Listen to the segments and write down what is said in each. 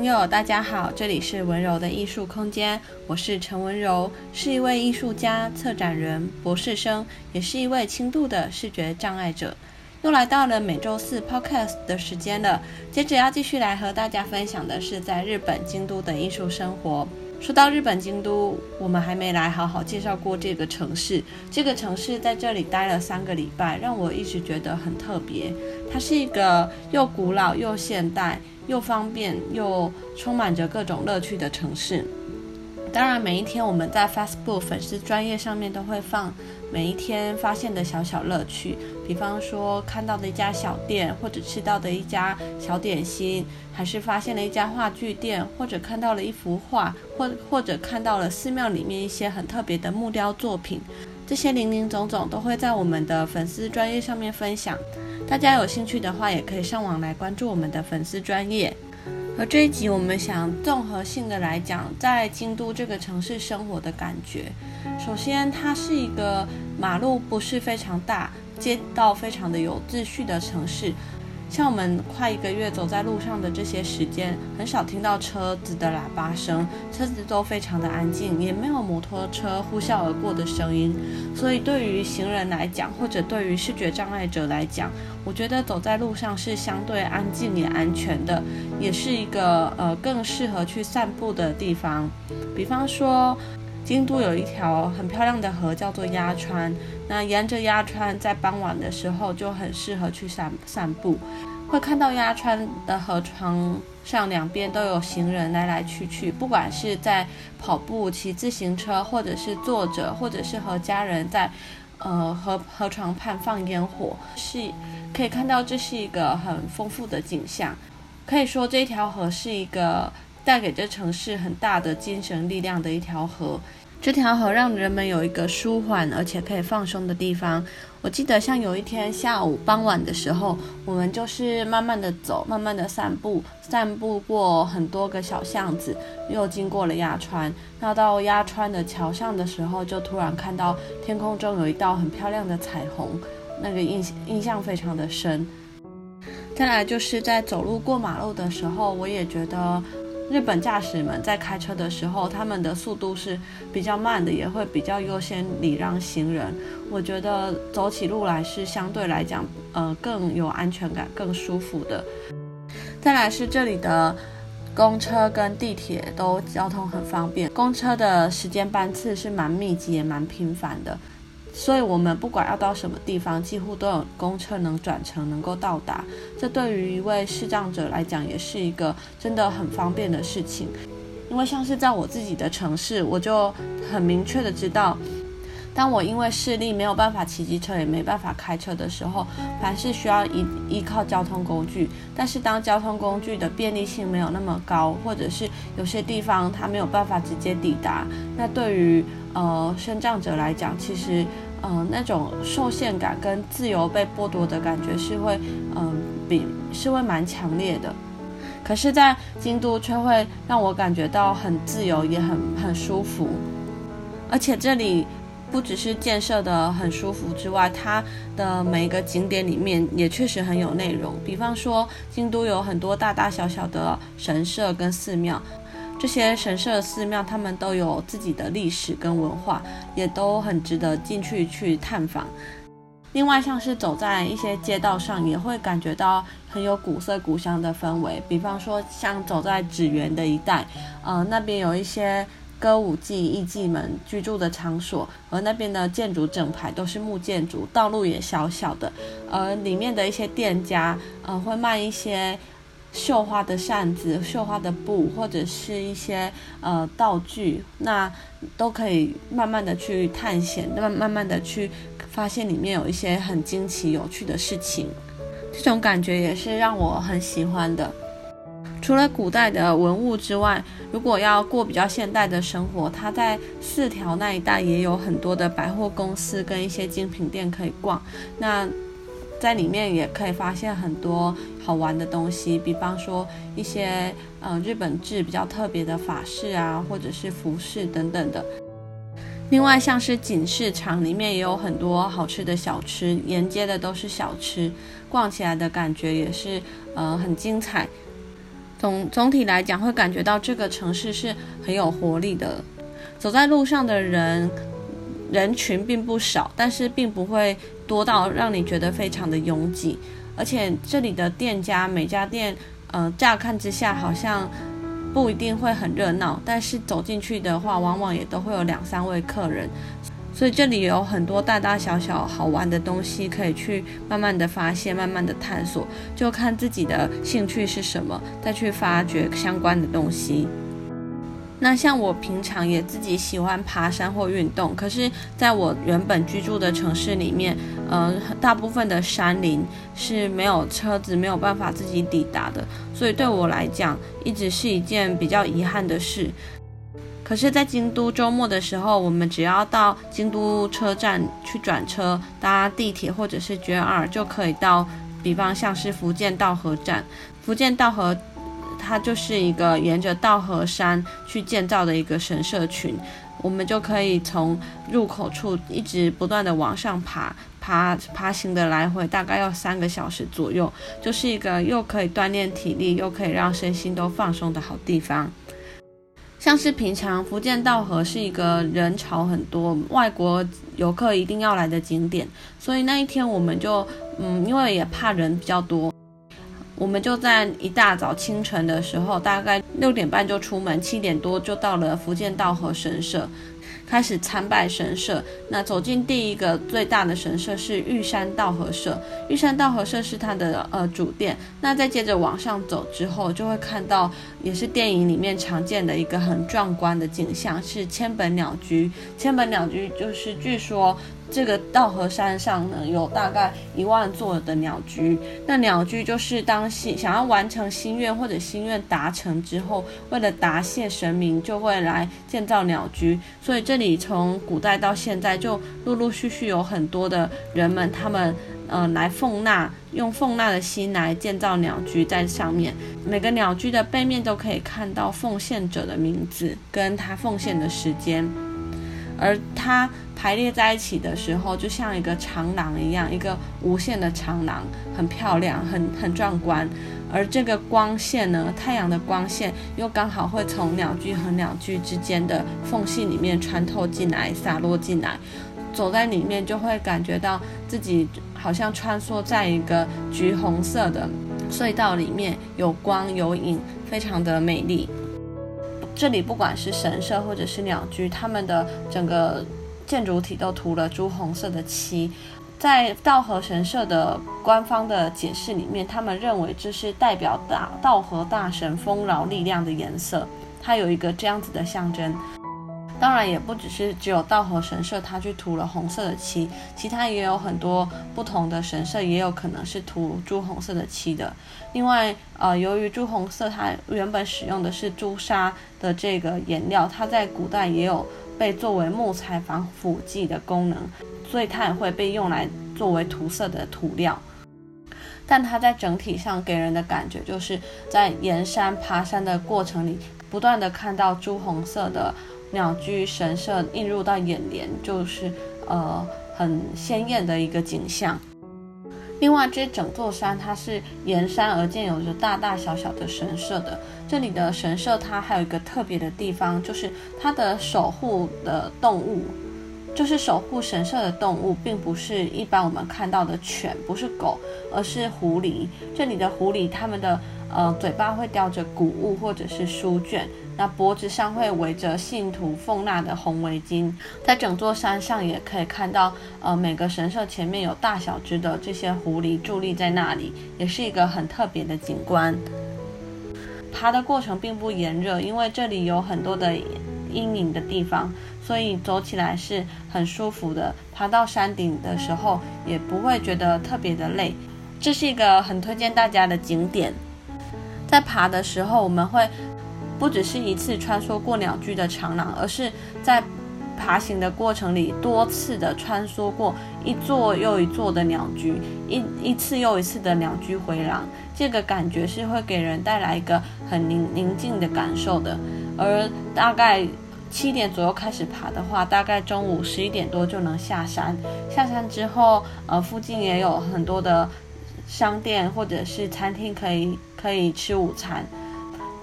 朋友，大家好，這裡是雯柔的藝術空間，我是陳雯柔，是一位藝術家、策展人、博士生，也是一位輕度的視覺障礙者。又來到了每周四 podcast 的時間了，接着要繼續來和大家分享的是在日本京都的藝術生活。說到日本京都，我們還沒來好好介紹過這個城市。這個城市在這裡待了三個禮拜，讓我一直覺得很特別。它是一個又古老、又現代、又方便、又充滿着各種樂趣的城市。當然，每一天我們在 Facebook 粉絲專頁上面都會放每一天發現的小小樂趣。比方說，看到的一家小店，或者吃到的一家小點心，還是發現了一家畫具店，或者看到了一幅畫，或者或者看到了寺廟裡面一些很特別的木雕作品，這些林林總總都會在我們的粉絲專頁上面分享。大家有興趣的話，也可以上網來關注我們的粉絲專頁。而這一集，我們想綜合性的來講，在京都這個城市生活的感覺。首先，它是一個馬路不是非常大，街道非常的有秩序的城市，像我們快一個月走在路上的這些時間，很少聽到車子的喇叭聲，車子都非常的安靜，也沒有摩托車呼嘯而過的聲音。所以對於行人來講，或者對於視覺障礙者來講，我覺得走在路上是相對安靜也安全的，也是一個呃更適合去散步的地方。比方說。京都有一條很漂亮的河，叫做鴨川。那沿着鴨川，在傍晚的時候就很適合去散散步，會看到鴨川的河床上兩邊都有行人來來去去，不管是在跑步、騎自行車，或者是坐着，或者是和家人在，呃，河河床畔放煙火，是可以看到這是一個很豐富的景象。可以說，這條河是一個帶給這城市很大的精神力量的一條河。這條河讓人們有一個舒緩而且可以放鬆的地方。我記得，像有一天下午傍晚的時候，我們就是慢慢的走，慢慢的散步，散步過很多個小巷子，又經過了鴨川。那到鴨川的橋上的時候，就突然看到天空中有一道很漂亮的彩虹，那個印印象非常的深。再來就是在走路過馬路的時候，我也覺得。日本駕駛們在開車的時候，他們的速度是比較慢的，也會比較優先禮讓行人。我覺得走起路來是相對來講，呃，更有安全感、更舒服的。再來是這裡的公車跟地鐵都交通很方便，公車的時間班次是蠻密集也蠻頻繁的。所以，我們不管要到什麼地方，幾乎都有公車能轉乘，能夠到達。這對於一位視障者來講，也是一個真的很方便的事情。因為像是在我自己的城市，我就很明確的知道，當我因為視力沒有辦法騎機車，也沒辦法開車的時候，凡是需要依依靠交通工具。但是當交通工具的便利性沒有那麼高，或者是有些地方它沒有辦法直接抵達，那對於呃視障者來講，其實。嗯、呃，那種受限感跟自由被剝奪的感覺是會，嗯、呃，比是會蠻強烈的。可是，在京都卻會讓我感覺到很自由，也很很舒服。而且這裡不只是建設的很舒服之外，它的每一個景點裡面也確實很有內容。比方說，京都有很多大大小小的神社跟寺廟。這些神社、寺廟，他們都有自己的歷史跟文化，也都很值得進去去探訪。另外，像是走在一些街道上，也會感覺到很有古色古香的氛圍。比方說，像走在祇園的一帶，呃，那邊有一些歌舞伎藝伎們居住的場所，而那邊的建築整排都是木建築，道路也小小的，而裡面的一些店家，呃，會賣一些。繡花的扇子、繡花的布，或者是一些呃道具，那都可以慢慢的去探險，那麼慢慢的去發現裡面有一些很驚奇、有趣的事情，這種感覺也是讓我很喜歡的。除了古代的文物之外，如果要過比較現代的生活，它在四條那一帶也有很多的百貨公司跟一些精品店可以逛。那在裡面也可以發現很多好玩的東西，比方說一些嗯、呃、日本製比較特別的法式啊，或者是服飾等等的。另外，像是錦市場裡面也有很多好吃的小吃，沿街的都是小吃，逛起來的感覺也是呃很精彩。總總體來講，會感覺到這個城市是很有活力的。走在路上的人。人群並不少，但是並不會多到讓你覺得非常的擁擠。而且這裡的店家，每家店，呃，乍看之下好像不一定會很熱鬧，但是走進去的話，往往也都會有兩三位客人。所以這裡有很多大大小小好玩的東西可以去慢慢的發現、慢慢的探索，就看自己的興趣是什麼，再去發掘相關的東西。那像我平常也自己喜歡爬山或運動，可是在我原本居住的城市裡面，呃，大部分的山林是沒有車子沒有辦法自己抵達的，所以對我來講，一直是一件比較遺憾的事。可是，在京都周末的時候，我們只要到京都車站去轉車，搭地鐵或者是 JR 就可以到，比方像是伏見稻荷站、伏見稻荷。它就是一個沿着稻荷山去建造的一個神社群，我們就可以從入口處一直不斷的往上爬，爬爬行的來回大概要三個小時左右，就是一個又可以鍛鍊體力又可以讓身心都放鬆的好地方。像是平常伏見稻荷是一個人潮很多，外國遊客一定要來的景點，所以那一天我們就，嗯，因為也怕人比較多。我們就在一大早清晨的時候，大概六點半就出門，七點多就到了伏見稻荷神社，開始參拜神社。那走進第一個最大的神社是玉山稻荷社，玉山稻荷社是它的呃主殿。那再接着往上走之後，就會看到也是電影裡面常見的一個很壯觀的景象，是千本鳥居。千本鳥居就是據說。這個稻荷山上呢，有大概一萬座的鳥居。那鳥居就是當心想要完成心願或者心願達成之後，為了答謝神明，就會來建造鳥居。所以這裡從古代到現在，就陸陸續續有很多的人們，他們呃來奉納，用奉納的心來建造鳥居，在上面每個鳥居的背面都可以看到奉獻者的名字跟他奉獻的時間。而它排列在一起的時候，就像一個長廊一樣，一個無限的長廊，很漂亮，很很壯觀。而這個光線呢，太陽的光線又剛好會從鳥居和鳥居之間的縫隙裡面穿透進來，灑落進來。走在裡面，就會感覺到自己好像穿梭在一個橘紅色的隧道裡面，有光有影，非常的美麗。這裡不管是神社或者是鳥居，他們的整個建築體都塗了朱紅色的漆。在稻荷神社的官方的解釋裡面，他們認為這是代表大稻荷大神豐饒力量的顏色，它有一個這樣子的象徵。當然也不只是只有稻荷神社，它去塗了紅色的漆，其他也有很多不同的神社，也有可能是塗朱紅色的漆的。另外，呃，由於朱紅色它原本使用的是朱砂的這個顏料，它在古代也有被作為木材防腐劑的功能，所以它也會被用來作為塗色的塗料。但它在整體上給人的感覺，就是在沿山爬山的過程裡，不斷地看到朱紅色的。鳥居神社映入到眼簾，就是呃很鮮豔的一個景象。另外，這整座山它是沿山而建，有着大大小小的神社的。這裡的神社它還有一個特別的地方，就是它的守護的動物，就是守護神社的動物，並不是一般我們看到的犬，不是狗，而是狐狸。這裡的狐狸，它們的。呃，嘴巴會叼着穀物或者是書卷，那脖子上會圍着信徒奉納的紅圍巾，在整座山上也可以看到，呃，每個神社前面有大小只的這些狐狸佇立在那裡，也是一個很特別的景觀。爬的過程並不炎熱，因為這裡有很多的陰影的地方，所以走起來是很舒服的。爬到山頂的時候也不會覺得特別的累，這是一個很推薦大家的景點。在爬的時候，我們會不只是一次穿梭過鳥居的長廊，而是在爬行的過程裡多次的穿梭過一座又一座的鳥居，一一次又一次的鳥居回廊。這個感覺是會給人帶來一個很寧寧靜的感受的。而大概七點左右開始爬的話，大概中午十一點多就能下山。下山之後，呃，附近也有很多的商店或者是餐廳可以。可以吃午餐，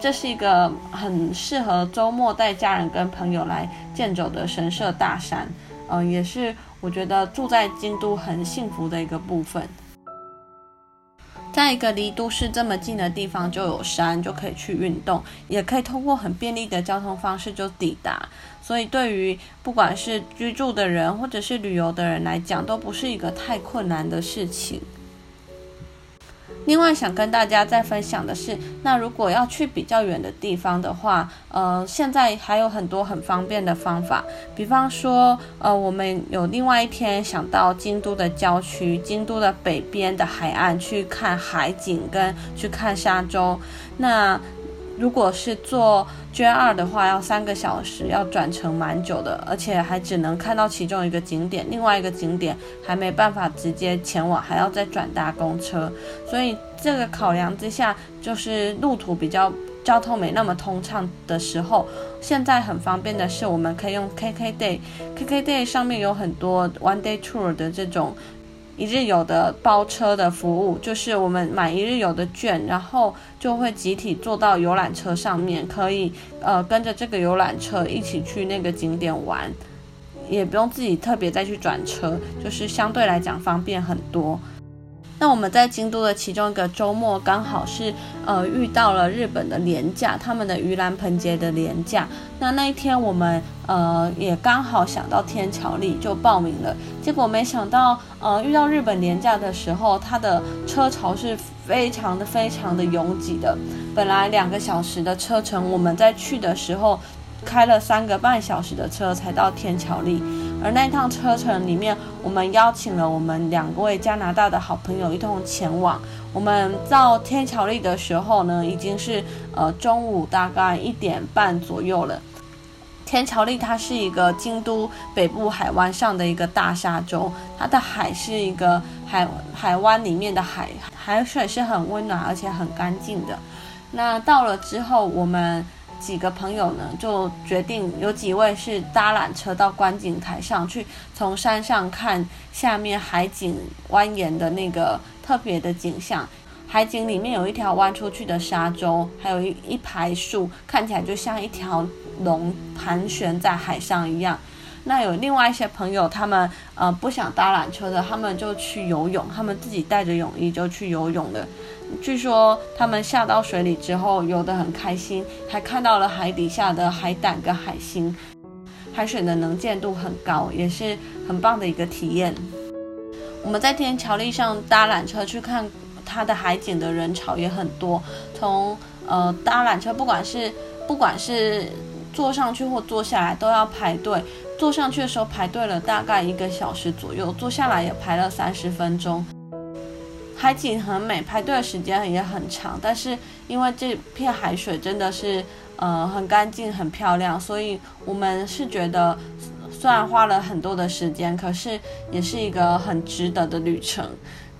這是一個很適合周末帶家人跟朋友來健走的神社大山。嗯，也是我覺得住在京都很幸福的一個部分。在一個離都市這麼近的地方就有山，就可以去運動，也可以通過很便利的交通方式就抵達。所以對於不管是居住的人或者是旅遊的人來講，都不是一個太困難的事情。另外想跟大家再分享的是，那如果要去比較遠的地方的話，呃，現在還有很多很方便的方法。比方說，呃，我們有另外一天想到京都的郊區、京都的北邊的海岸去看海景跟去看沙洲。那如果是坐 JR 的話要三個小時，要轉乘蠻久的，而且還只能看到其中一個景點，另外一個景點還沒辦法直接前往，還要再轉搭公車。所以這個考量之下，就是路途比較交通沒那麼通暢的時候，現在很方便的是我們可以用 KKday，KKday 上面有很多 one day tour 的這種。一日遊的包車的服務，就是我們買一日遊的券，然後就會集體坐到遊覽車上面，可以呃跟着這個遊覽車一起去那個景點玩，也不用自己特別再去轉車，就是相對來講方便很多。那我們在京都的其中一個周末剛好是呃遇到了日本的連假，他們的盂蘭盆節的連假。那那一天我們呃也剛好想到天橋立就報名了。結果沒想到，呃，遇到日本年假的時候，它的車潮是非常的、非常的擁擠的。本來兩個小時的車程，我們在去的時候，開了三個半小時的車才到天橋立。而那一趟車程裡面，我們邀請了我們兩個位加拿大的好朋友一同前往。我們到天橋立的時候呢，已經是呃中午大概一點半左右了。天橋立它是一個京都北部海灣上的一個大沙洲，它的海是一個海海灣裡面的海，海水是很溫暖而且很乾淨的。那到了之後，我們幾個朋友呢，就決定有幾位是搭纜車到觀景台上去，從山上看下面海景蜿蜒的那個特別的景象。海景裡面有一條彎出去的沙洲，還有一一排樹，看起來就像一條龍盤旋在海上一樣，那有另外一些朋友，他們呃不想搭纜車的，他們就去游泳，他們自己帶着泳衣就去游泳了。據說他們下到水裡之後游得很開心，還看到了海底下的海膽跟海星。海水的能見度很高，也是很棒的一個體驗。我們在天、天橋立上搭纜車去看。它的海景的人潮也很多，從呃搭纜車，不管是不管是坐上去或坐下來，都要排隊。坐上去的時候排隊了大概一個小時左右，坐下來也排了三十分鐘。海景很美，排隊的時間也很長，但是因為這片海水真的是呃很乾淨很漂亮，所以我們是覺得雖然花了很多的時間，可是也是一個很值得的旅程。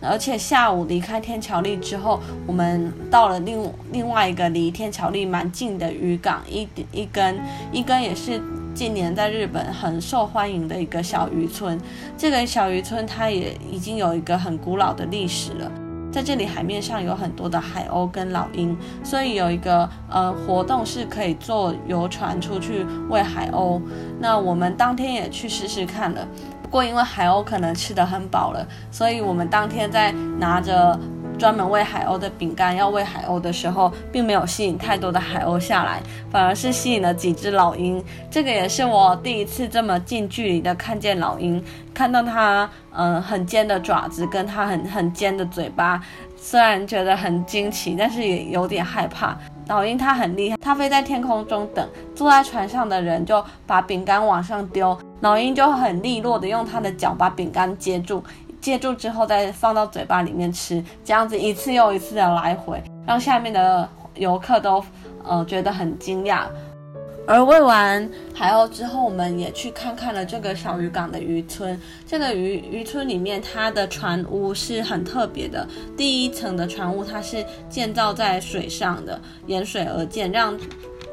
而且下午離開天橋立之後，我們到了另另外一個離天橋立蠻近的漁港，伊伊根，伊根也是近年在日本很受歡迎的一個小漁村。這個小漁村它也已經有一個很古老的歷史了。在這裡海面上有很多的海鷗跟老鷹，所以有一個呃活動是可以坐遊船出去餵海鷗。那我們當天也去試試看了。不過，因為海鷗可能吃得很飽了，所以我們當天在拿着專門餵海鷗的餅乾要餵海鷗的時候，並沒有吸引太多的海鷗下來，反而是吸引了幾隻老鷹。這個也是我第一次這麼近距離的看見老鷹，看到它，嗯、呃，很尖的爪子跟它很很尖的嘴巴，雖然覺得很驚奇，但是也有點害怕。老鷹它很厲害，它飛在天空中等，坐在船上的人就把餅乾往上丟，老鷹就很利落的用它的腳把餅乾接住，接住之後再放到嘴巴裡面吃，這樣子一次又一次的來回，讓下面的遊客都呃覺得很驚訝。而餵完海鷗之後，我們也去看看了這個小漁港的漁村。這個漁漁村裡面，它的船屋是很特別的。第一層的船屋它是建造在水上的，沿水而建，讓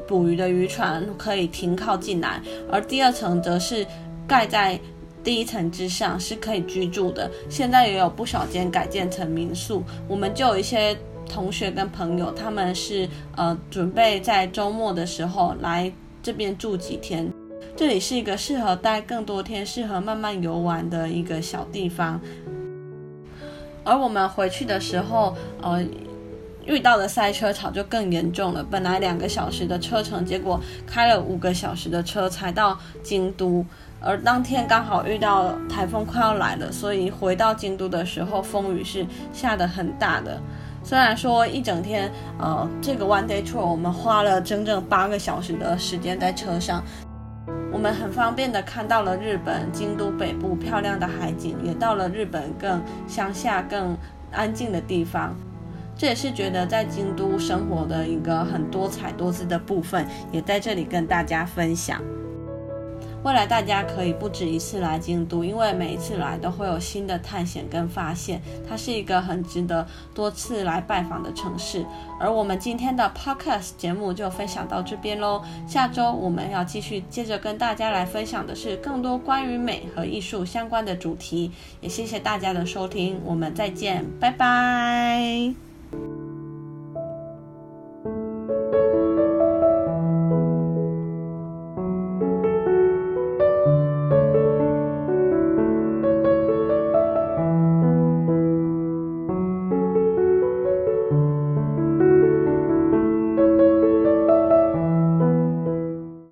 捕魚的漁船可以停靠進來。而第二層則是蓋在第一層之上，是可以居住的。現在也有不少間改建成民宿。我們就有一些同學跟朋友，他們是呃準備在週末的時候來。這邊住幾天，這裡是一個適合待更多天，適合慢慢遊玩的一個小地方。而我們回去的時候，呃，遇到的塞車潮就更嚴重了。本來兩個小時的車程，結果開了五個小時的車才到京都。而當天剛好遇到台風快要來了，所以回到京都的時候，風雨是下得很大的。雖然說一整天，呃，這個 one day tour 我們花了整整八個小時的時間在車上，我們很方便的看到了日本京都北部漂亮的海景，也到了日本更鄉下、更安靜的地方。這也是覺得在京都生活的一個很多彩多姿的部分，也在這裡跟大家分享。未來大家可以不止一次來京都，因為每一次來都會有新的探險跟發現。它是一個很值得多次來拜訪的城市。而我們今天的 podcast 節目就分享到這邊咯。下周我們要繼續接着跟大家來分享的是更多關於美和藝術相關的主題。也謝謝大家的收聽，我們再見，拜拜。